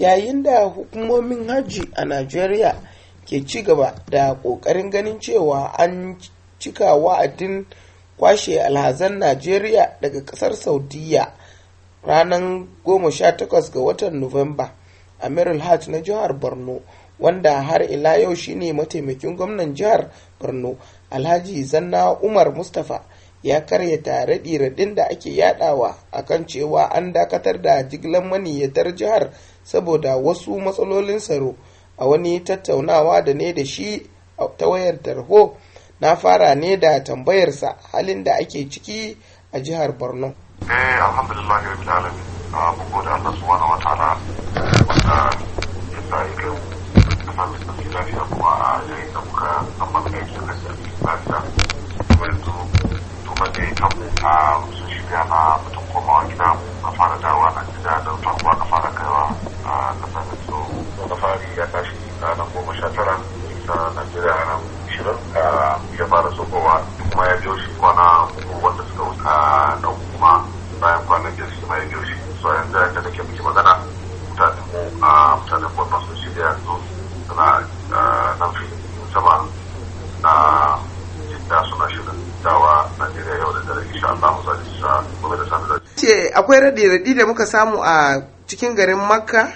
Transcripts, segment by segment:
yayin da hukumomin hajji a najeriya ke ci gaba da ƙoƙarin ganin cewa an cika wa'adin kwashe alhazan najeriya daga ƙasar saudiya ranar 18 ga watan nuwamba amirul hajj na jihar borno wanda har ila yau shine mataimakin gwamnan jihar borno alhaji zanna umar mustapha ya karya raɗi ɗiraɗin da ake yadawa kan cewa an dakatar da jigilar maniyyatar jihar saboda wasu matsalolin tsaro a wani tattaunawa da ne da shi ta wayar tarho na fara ne da tambayarsa halin da ake ciki a jihar borno eh, alhamdulillah a bugu da a shirya na mutum komawa gida a fara na gida sokowa kuma ya biyo shi kwana uku wanda suka wuta ah, da kuma bayan kwanan biyar shi ma ya biyo shi so yanzu yadda da ke muke magana mutane mu a ah, mutanen borno sun shirya yanzu suna ah, nan fi sama na jidda suna shirin dawa najeriya yau da dare insha Allah mu zai sa kuma da safe ce akwai raɗi-raɗi da muka samu a cikin garin makka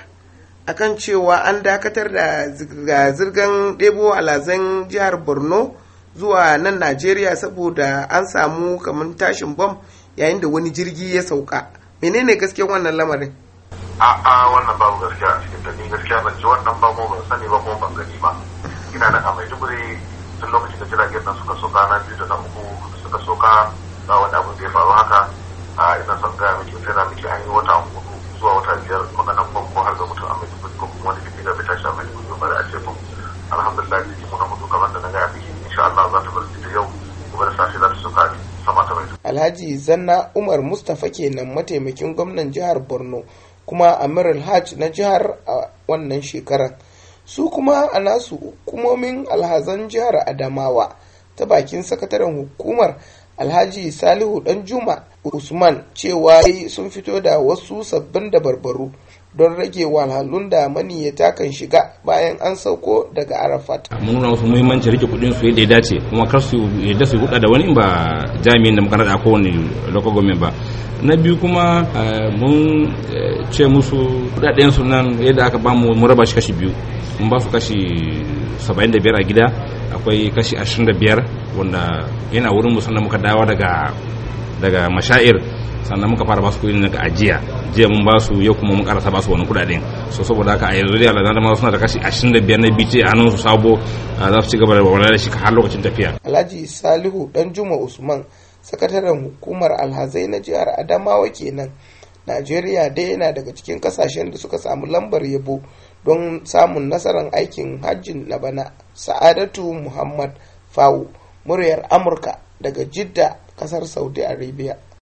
akan cewa an dakatar da zirga-zirgan ɗebo alazan jihar borno zuwa nan najeriya saboda an samu kamar tashin bom yayin da wani jirgi ya sauka menene gaskiyar wannan lamarin a a wannan babu gaskiya a cikin gani gaskiya ban ji wannan ba ban sani ba kuma ban gani ba ina da kamar jibiri tun lokacin da jiragen nan suka soka na biyu da na uku suka soka ba wani abu da ya faru haka a ina son gaya miki tana miki an yi wata hudu zuwa wata biyar maganan ban ko har ga mutum a jibiri ko kuma wani jirgin da bai tashi a maiduguri ba alhaji zanna umar mustapha kenan mataimakin gwamnan jihar borno kuma amir hajj na jihar a wannan shekarar su kuma a nasu hukumomin alhazan jihar adamawa ta bakin sakataren hukumar alhaji salihu dan juma usman cewa sun fito da wasu sabbin dabarbaru don rage walhalun da maniyyata kan shiga bayan an sauko daga arafat mun nuna wasu muhimmanci rike kudin su yadda ya dace kuma kar su yadda su huda da wani ba jami'in da muka ko kowane local government ba na biyu kuma eh, mun eh, ce musu kudaden sunan yadda aka bamu mu raba shi kashi biyu mun ba su kashi 75 a gida akwai kashi 25 wanda yana wurin musu da muka dawo daga daga mashair sannan muka fara basu kudin daga ajiya jiya mun basu yau kuma mun karasa basu wani kudaden so saboda haka a yanzu dai alhaji ma suna da kashi 25 na bice a nan su sabo za su ci gaba da wani da shi har lokacin tafiya alhaji salihu dan juma usman sakataren hukumar alhazai na jihar adamawa kenan najeriya dai yana daga cikin kasashen da suka samu lambar yabo don samun nasarar aikin hajjin na bana sa'adatu muhammad fawo muryar amurka daga jidda kasar saudi arabia